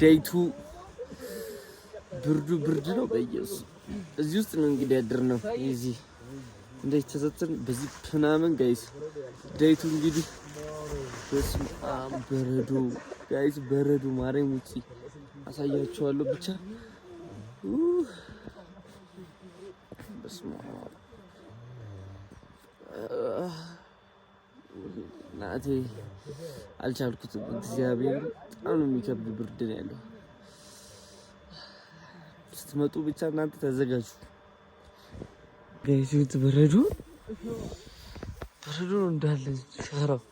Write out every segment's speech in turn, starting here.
ዴይቱ ብርዱ ብርድ ነው። በየሱ እዚህ ውስጥ ነው እንግዲህ ያድር ነው እዚህ እንዳይተሰትን በዚህ ምናምን ጋይስ ዴይቱ እንግዲህ በስመ አብ በረዶ ጋይስ በረዶ ማርያም ውጪ አሳያችኋለሁ። ብቻ በስመ አብ ናቴ አልቻልኩትም እግዚአብሔር በጣም ነው የሚከብድ ብርድ ነው ያለው። ስትመጡ ብቻ እናንተ ተዘጋጁ። ጋይዙት በረዶ በረዶ እንዳለ ሸራው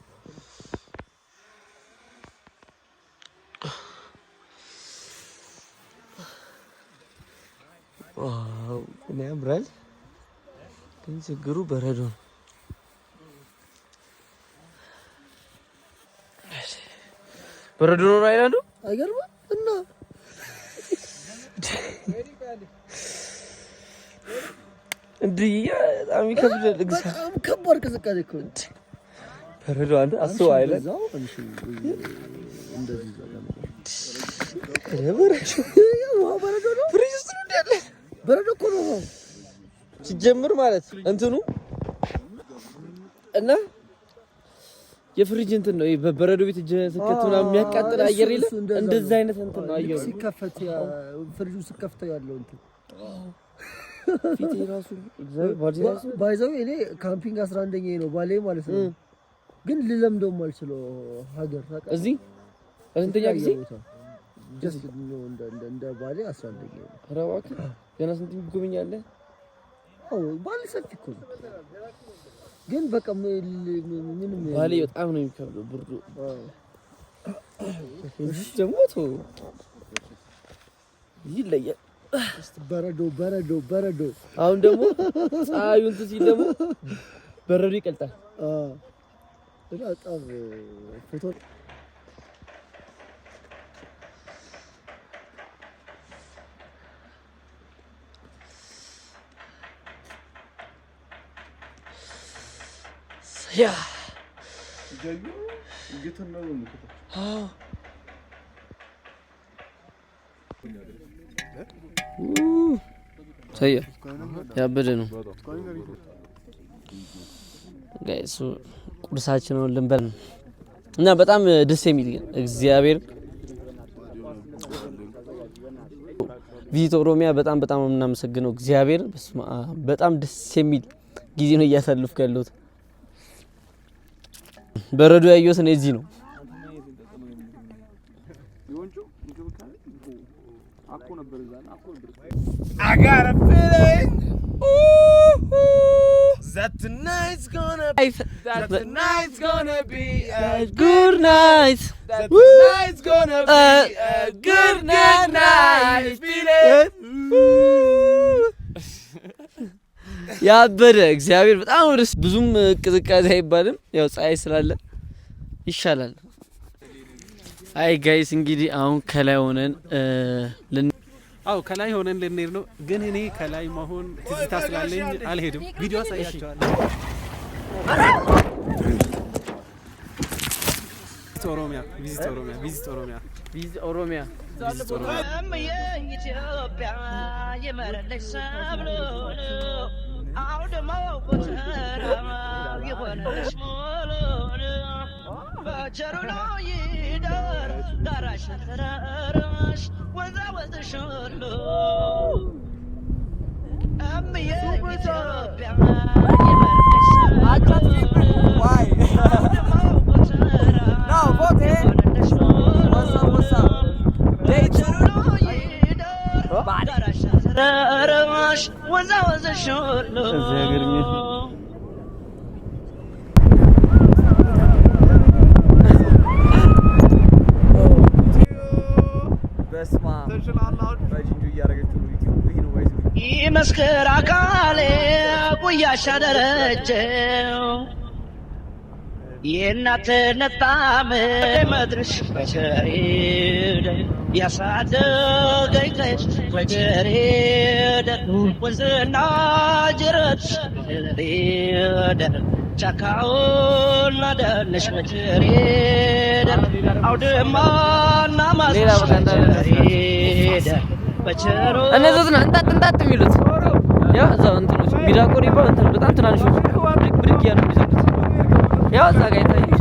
ዋው ያምራል፣ ግን ችግሩ በረዶ ነው። በረዶ ነው አይላንዱ አይገርምም። እና እንዲህ በጣም ይከብዳል። በጣም ከባድ ቅዝቃዜ እኮ በረዶ አንተ አስበው አይላንድ በረዶ እኮ ነው ሲጀምር ማለት እንትኑ እና የፍሪጅ እንትን ነው በበረዶ ቤት እጅ ስከት ነው የሚያቃጥል አየር የለ። እንደዛ አይነት እንትን ነው አየሩ ሲከፈት ፍሪጁ ሲከፍተው ያለው እንትን ፊቴ ራሱ ባይዘው እኔ ካምፒንግ አስራ ኛ ነው ባሌ ማለት ነው። ግን ልለምደው የማልችለው ሀገር እዚህ ስንተኛ ጊዜ ጀስት ነው እንደ ባሌ አስራ ኛ ነው። ኧረ እባክህ ገና ስንት የሚጎበኛለህ? አዎ ባሌ ሰፊ እኮ ነው። ግን በቃ ምንም ባሌ በጣም ነው የሚከብደው ብርዱ። ደግሞ ይለያል። በረዶ በረዶ በረዶ። አሁን ደግሞ ፀሐዩ እንትን ሲል ደግሞ በረዶ ይቀልጣል። ያ ሰየ ያበደ ነው። ጋይሱ ቁርሳችንን ልንበል እና በጣም ደስ የሚል እግዚአብሔር ቪዚት ኦሮሚያ በጣም በጣም የምናመሰግነው እግዚአብሔር በጣም ደስ የሚል ጊዜ ነው እያሳልፍኩ ያለሁት። በረዶ ያየሁት እኔ እዚህ ነው። ያበደ እግዚአብሔር በጣም ወደስ ብዙም ቅዝቃዜ አይባልም። ያው ፀሐይ ስላለ ይሻላል። አይ ጋይስ እንግዲህ አሁን ከላይ ሆነን አው ከላይ ሆነን ልንሄድ ነው፣ ግን እኔ ከላይ መሆን ትዝታ ስላለኝ አልሄድም። ቪዲዮ አሳያቸዋለሁ። ኦሮሚያ ቪዚት ኦሮሚያ ቪዚት ኦሮሚያ ቪዚት ኦሮሚያ ቪዚት ኦሮሚያ Why? no, vote here. What's up, what's up? Day two. ረረማሽ ወዛወዘሽ ሁሉ ይመስክር አካሌ ጉያሻ ደረጀው የእናትነት ጣዕም መድረሽ በቸሪ ያሳደገኝ ወጀሬ ደር ወንዝና ጅረት ዘሬ ደር ጫካውና ደነሽ ወጀሬ ደር አውድማና ማስሬ ደር እነዚህ እንጣጥ እንጣጥ የሚሉት ያው እዛው እንትኖች ቢዳቆሪ በጣም ትናንሾች ብድግ ብድግ ያሉ የሚዘሉት ያው እዛ ጋ ይታያል።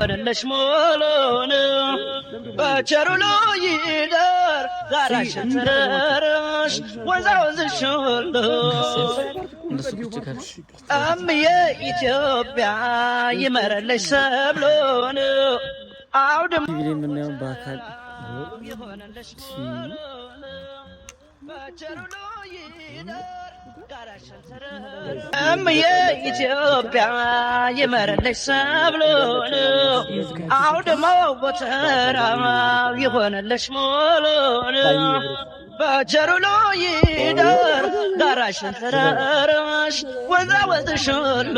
ወደለሽ ሞሎን በቸሩሎ ይደር ዛራሽ ተረረሽ ወዛውዝሽ ወሎ እምዬ ኢትዮጵያ ይመረለሽ ሰብሎን አውድም የምናየው በአካል ይሆነለሽ ሞሎን በቸሩሎ ይደር እምዬ ኢትዮጵያ ይመረለች ሰብሉን አውድሞ በጀሩሎ ይደር ወዛ ወዝሽሉ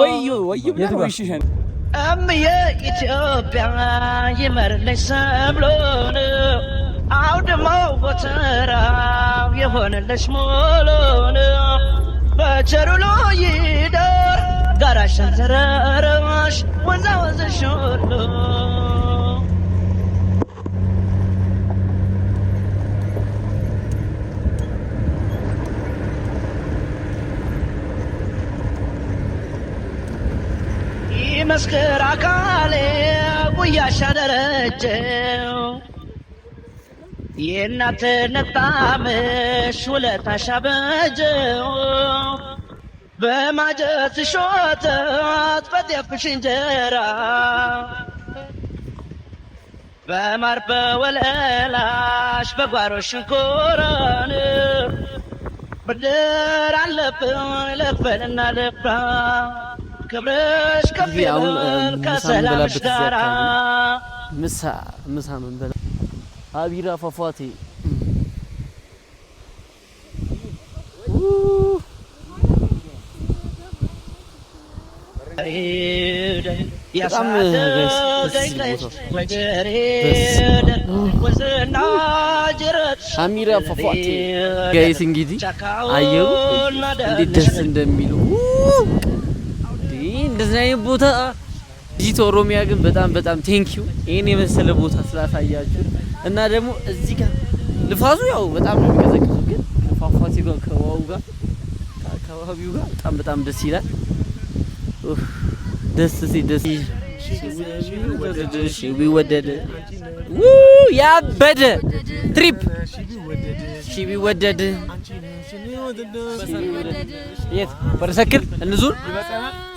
ወዩ ወዩ እምዬ ኢትዮጵያ ሰብሎ ነው አውድማው ጎተራው የሆነለሽ ሞሎ ነው በቸሩሎ ይደር ጋራሽን ተረረማሽ ወንዛ ወዘሽ ሁሉ ይመስክር አካሌ ጉያሻ ደረጀው የእናትነት ጣዕምሽ ውለታሽ አበጀው በማጀትሽ ወተት በጤፍሽ እንጀራ በማር በወለላሽ በጓሮሽ እንኮራን ብድር አለብን ልክፈልና ልፍራ ክብርሽ ከፍ ከሰላምሽ ጋራ ምሳ ምሳ ምን ሀቢራ ፏፏቴ አሚራ ፏፏቴ ጋይስ እንግዲህ አየሩ እንዴት ደስ እንደሚሉ እንደዚህ አይነት ቦታ ዲጂት ኦሮሚያ ግን በጣም በጣም ቴንኪዩ ይህን የመሰለ ቦታ ስላሳያችሁ እና ደግሞ እዚህ ጋር ንፋሱ ያው በጣም ነው የሚቀዘቅዙ፣ ግን ከፏፏቴ ጋር ከዋው ጋር ከአካባቢው ጋር በጣም በጣም ደስ ይላል። ደስ ሲ ደስ ቢወደድ ያበደ ትሪፕ ቢወደድ የት ወደ ሰክል እንዙር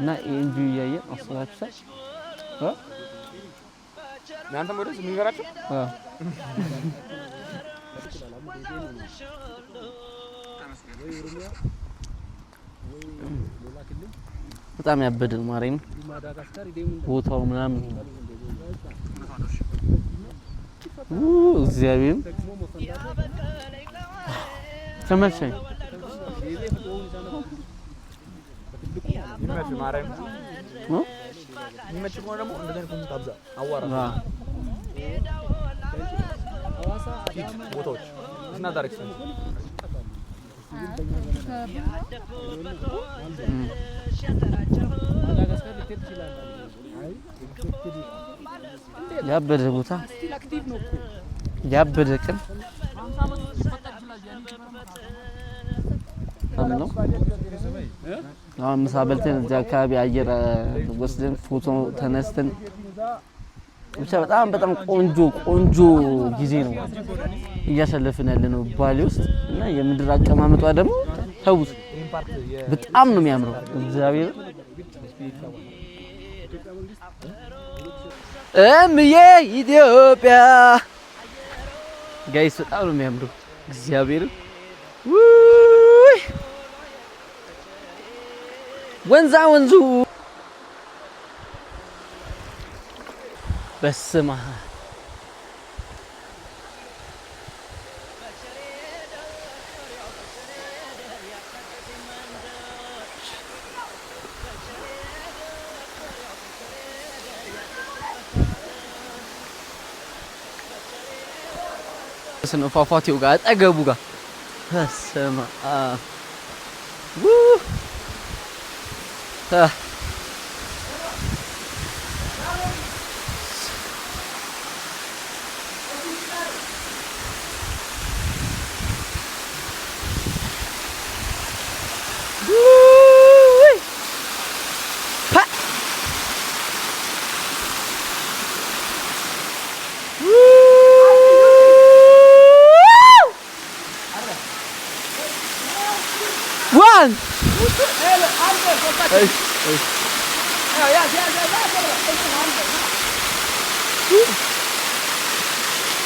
እና ኤንጂ እያየ አስተላልፈ እናንተም ወደስ የሚበራችሁ በጣም ያበድን ማርያም ቦታው ምናምን እግዚአብሔር ተመቸኝ። ይመችህ ማርያም ይመችህ ከሆነ ደግሞ እንደዚህ አይነት ታብዛ አዋራ ቦታዎች እና ዳሪክስ ያበደ ቦታ ያበደ ቅን ነው አሁን ምሳ በልተን እዚህ አካባቢ አየር ወስደን ፎቶ ተነስተን ብቻ በጣም በጣም ቆንጆ ቆንጆ ጊዜ ነው እያሳለፍን ያለ ነው ባሌ ውስጥ እና የምድር አቀማመጧ ደግሞ ተውት፣ በጣም ነው የሚያምረው። እግዚአብሔር እምዬ ኢትዮጵያ ጋይስ በጣም ነው የሚያምረው እግዚአብሔር ወንዛ ወንዙ በስማ ስነ ፏፏቴው ጋር አጠገቡ ጋር በስማ uh.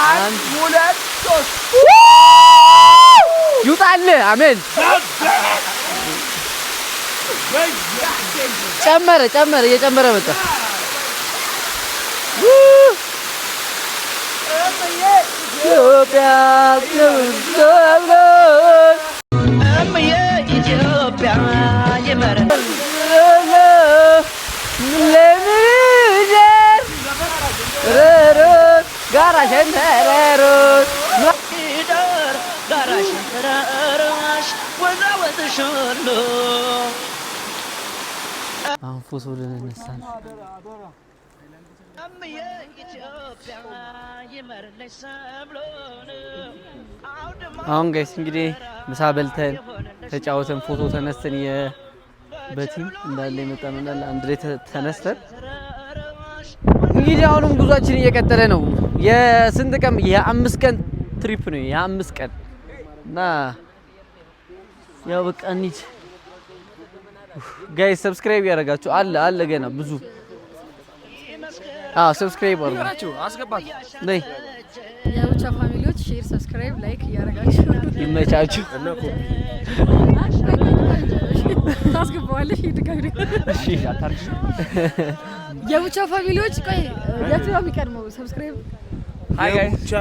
አንድ ሁለት ሶስት ይውጣል። አሜን። ጨመረ ጨመረ፣ እየጨመረ መጣ። ኢትዮጵያ አሁን ፎቶ አሁን ጋይስ እንግዲህ ምሳ በልተን ተጫወተን ፎቶ ተነስተን የበቲም እንዳለ የመጣን እንዳለ አንድ ላይ ተነስተን እንግዲህ አሁንም ጉዟችን እየቀጠለ ነው። የስንት ቀን የአምስት ቀን ትሪፕ ነው የአምስት ቀን እና ያው በቃ እንሂድ ጋይ ሰብስክራይብ ያደረጋችሁ አለ አለ ገና ብዙ አዎ ሰብስክራይብ አድርጉ አስገባት ነይ የውቻ ፋሚሊዎች ሼር ሰብስክራይብ ላይክ እያደረጋችሁ ይመቻችሁ እና ኮፒ ታስገባዋለሽ ይድጋግ እሺ አታርክሽ የውቻ ፋሚሊዎች ቆይ የቱ ነው የሚቀድመው ሰብስክራይብ የቡቻ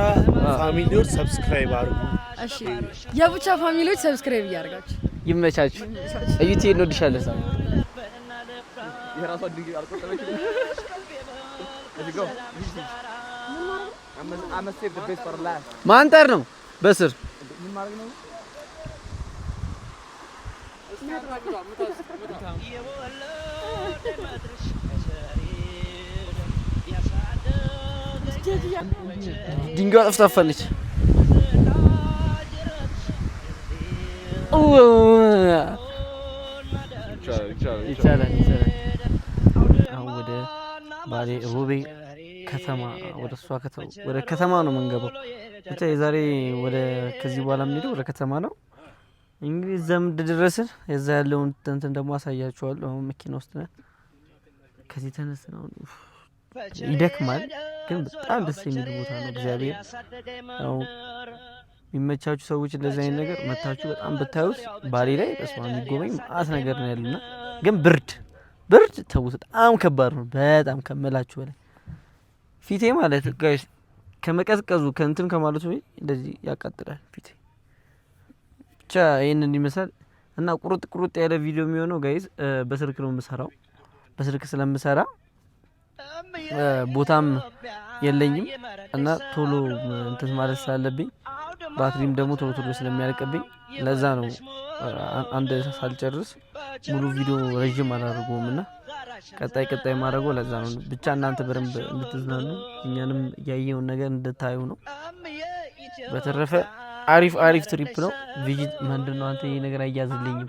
ፋሚሊዎች ሰብስክራይብ አድርጉ። እሺ፣ የቡቻ ፋሚሊዎች ሰብስክራይብ እያደረጋችሁ ይመቻችሁ። እዩቲ እንወድሻለን። ማንጠር ነው በስር ድንጋዋ ጠፍጣፋለች። አሁን ወደ ባሌ ሮቤ ከተማ ወደ እሷ ወደ ከተማ ነው የምንገባው። ብቻ የዛሬ ወደ ከዚህ በኋላ የምንሄደው ወደ ከተማ ነው። እንግዲህ እዛ እንደደረስን የዛ ያለውን እንትን ደግሞ አሳያችኋለሁ። አሁን መኪና ውስጥ ነን። ከዚህ ተነስን። አሁን ይደክማል ግን በጣም ደስ የሚል ቦታ ነው። እግዚአብሔር ያው የሚመቻችሁ ሰዎች እንደዚህ አይነት ነገር መታችሁ በጣም ብታዩት፣ ባሌ ላይ በስማ የሚጎበኝ ማአት ነገር ነው ያሉና ግን ብርድ ብርድ ተውት፣ በጣም ከባድ ነው። በጣም ከመላችሁ በላይ ፊቴ ማለት ጋይስ ከመቀዝቀዙ ከእንትን ከማለቱ እንደዚህ ያቃጥላል ፊቴ። ብቻ ይህንን ይመስላል እና ቁርጥ ቁርጥ ያለ ቪዲዮ የሚሆነው ጋይዝ በስልክ ነው የምሰራው በስልክ ስለምሰራ ቦታም የለኝም እና ቶሎ እንትን ማለት ስላለብኝ ባትሪም ደግሞ ቶሎ ቶሎ ስለሚያልቅብኝ ለዛ ነው አንድ ሳልጨርስ ሙሉ ቪዲዮ ረዥም አላደርገውም እና ቀጣይ ቀጣይ ማድረገው ለዛ ነው። ብቻ እናንተ በደንብ እንድትዝናኑ እኛንም ያየውን ነገር እንድታዩ ነው። በተረፈ አሪፍ አሪፍ ትሪፕ ነው። ቪጂት ምንድን ነው አንተ ይህ ነገር አያዝልኝም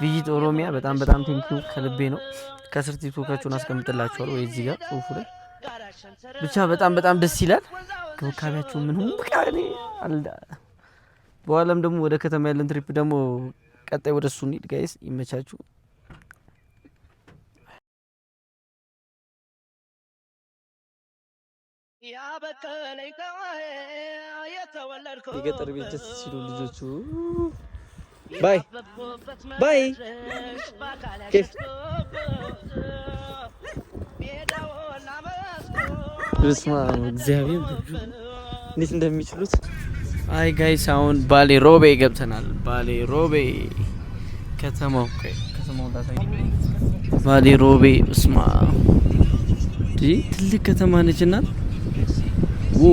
ቪጂት ኦሮሚያ በጣም በጣም ቴንኪዩ ከልቤ ነው። ከስር ቲክቶካችሁን አስቀምጥላችኋል ወይ እዚህ ጋር ጽሁፉ ላይ ብቻ በጣም በጣም ደስ ይላል። ክብካቤያችሁ ምን በቃ በኋላም ደግሞ ወደ ከተማ ያለን ትሪፕ ደግሞ ቀጣይ ወደ እሱ እንሂድ ጋይስ። ይመቻችሁ። የገጠር ቤት ደስ ሲሉ ልጆቹ ባይ ባይ እግዚአብሔር እንዴት እንደሚችሉት። አይ ጋይስ አሁን ባሌ ሮቤ ገብተናል። ባሌ ሮቤ ከተማው ባሌ ሮቤ ስማ ትልቅ ከተማ ነች እና ው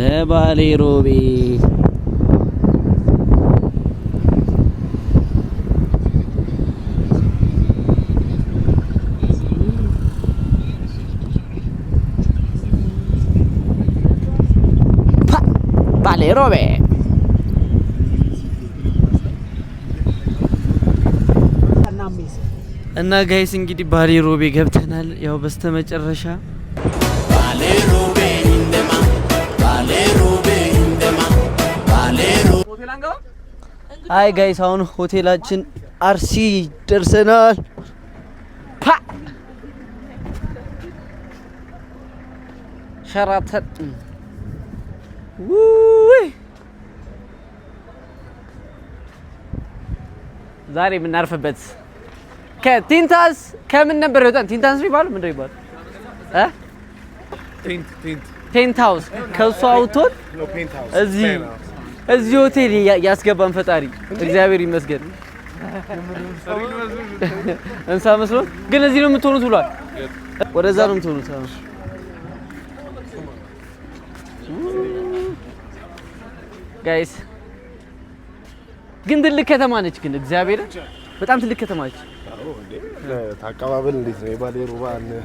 ለባሌ ሮቤ ባሌ ሮቤ እና ጋይስ እንግዲህ ባሌ ሮቤ ገብተናል። ያው በስተመጨረሻ ባሌ ሮቤ አይ ጋይስ አሁን ሆቴላችን አርሲ ደርሰናል። ሸራተን ዛሬ የምናርፍበት ከቲንታንስ ከምን ነበር ይወጣን? ቲንታንስ ነው ምንድን ነው ቲንት ቲንት ፔንት ሃውስ ከእሱ አውቶን እዚህ እዚህ ሆቴል ያስገባን ፈጣሪ እግዚአብሔር ይመስገን። እንሳ መስሎ ግን እዚህ ነው የምትሆኑት ብሏል። ወደዛ ነው የምትሆኑት። ጋይስ ግን ትልቅ ከተማ ነች። ግን እግዚአብሔር በጣም ትልቅ ከተማ ነች። ታቀባበል እንዴት ነው?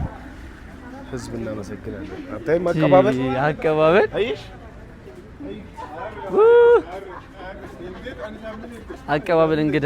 ህዝብ እናመሰግናለን። አታይም አቀባበል አቀባበል አቀባበል እንግዳ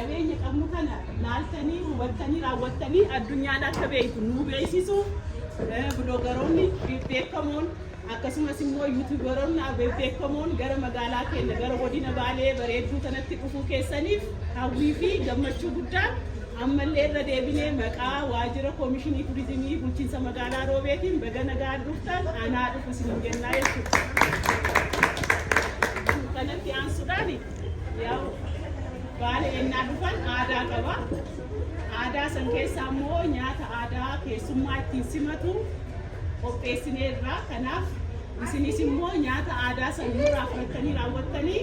qabeenya qabnu kana laaltanii hubatanii raawwattanii addunyaadhaan akka beektu nu beeksisu biloogaroonni beekamoon akkasumas immoo yuutuubaroonni beekamoon gara magaalaa keenya gara godina baalee bareedduu kanatti dhufuu keessaniif hawwii fi gammachuu guddaa ammallee irra deebinee maqaa waajjira koomishinii turizimii bulchiinsa magaalaa roobeetiin bagana gahaan dhuftan anaa dhufu isin jennaa jechuudha. kanatti aansuudhaan yaa baala ennaa dhufan aadaa qaba. Aadaa san keessaa immoo nyaata aadaa keessummaa ittiin simatu qopheessinee irraa kanaaf isinis immoo nyaata aadaa san nurraa fudhattanii raawwattanii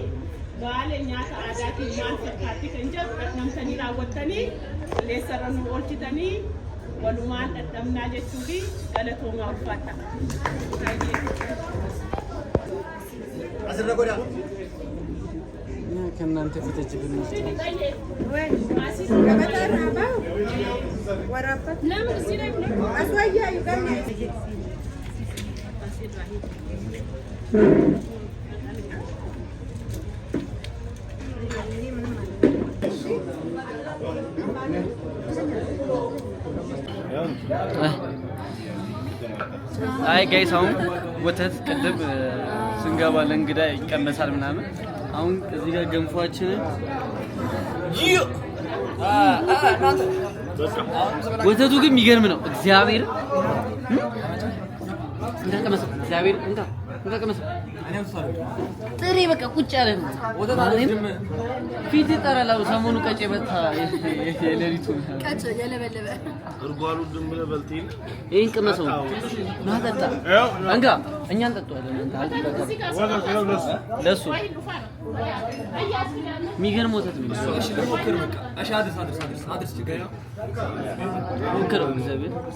baala nyaata aadaatiin maal fakkaatti kan jedhu dhadhamtanii raawwattanii qilleensarra nu oolchitanii walumaan dhadhamnaa jechuufi galatoomaa ulfaata. Asirra godhaa. ከእናንተ ፊት እጅ ብንወስድ ወራባት ለምን እዚህ ላይ አይ ጋይስ አሁን ወተት ቅድም ስንገባ ለእንግዳ ይቀመሳል ምናምን። አሁን እዚህ ጋር ገንፏችንን ወተቱ ግን የሚገርም ነው እግዚአብሔር እንዳልቀመሰ እግዚአብሔር እንዳ ጥሬ በቃ ቁጭ ያለ ነው። ፊት ጠረላው ሰሞኑ ቀጭ በታ የሌሊቱ ይህን ቅመሰው ናጠጣ እንጋ እኛ እንጠጣዋለን። የሚገርም ወተት ሞክረው እግዚአብሔር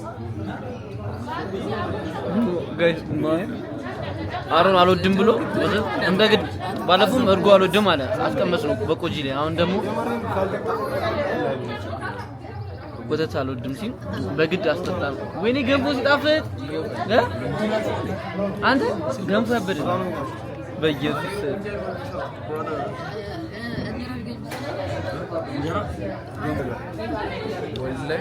አሮን አልወድም ብሎ እንደ ግድ ባለፉም እርጎ አልወድም አለ። አስቀመጽ ነው በቆጂ ላይ። አሁን ደግሞ ወተት አልወድም ሲል በግድ አስጠጣ። ወይኔ ገንፎ ሲጣፍጥ አንተ ገንፎ ያበደ በኢየሱስ ወላይ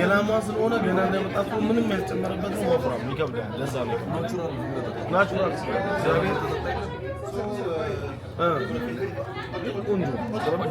የላም አስል ሆነ ገና እንደመጣ ምንም ያስጨመረበት በዚህ ወፍራም ይከብዳል። ለዛ ነው ናቹራል እግዚአብሔር ቆንጆ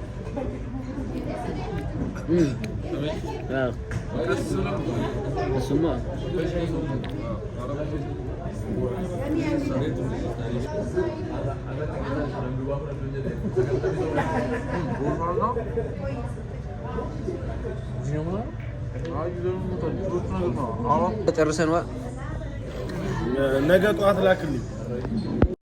امم اه السماء ጨርሰን ነገ ጠዋት ላክልኝ።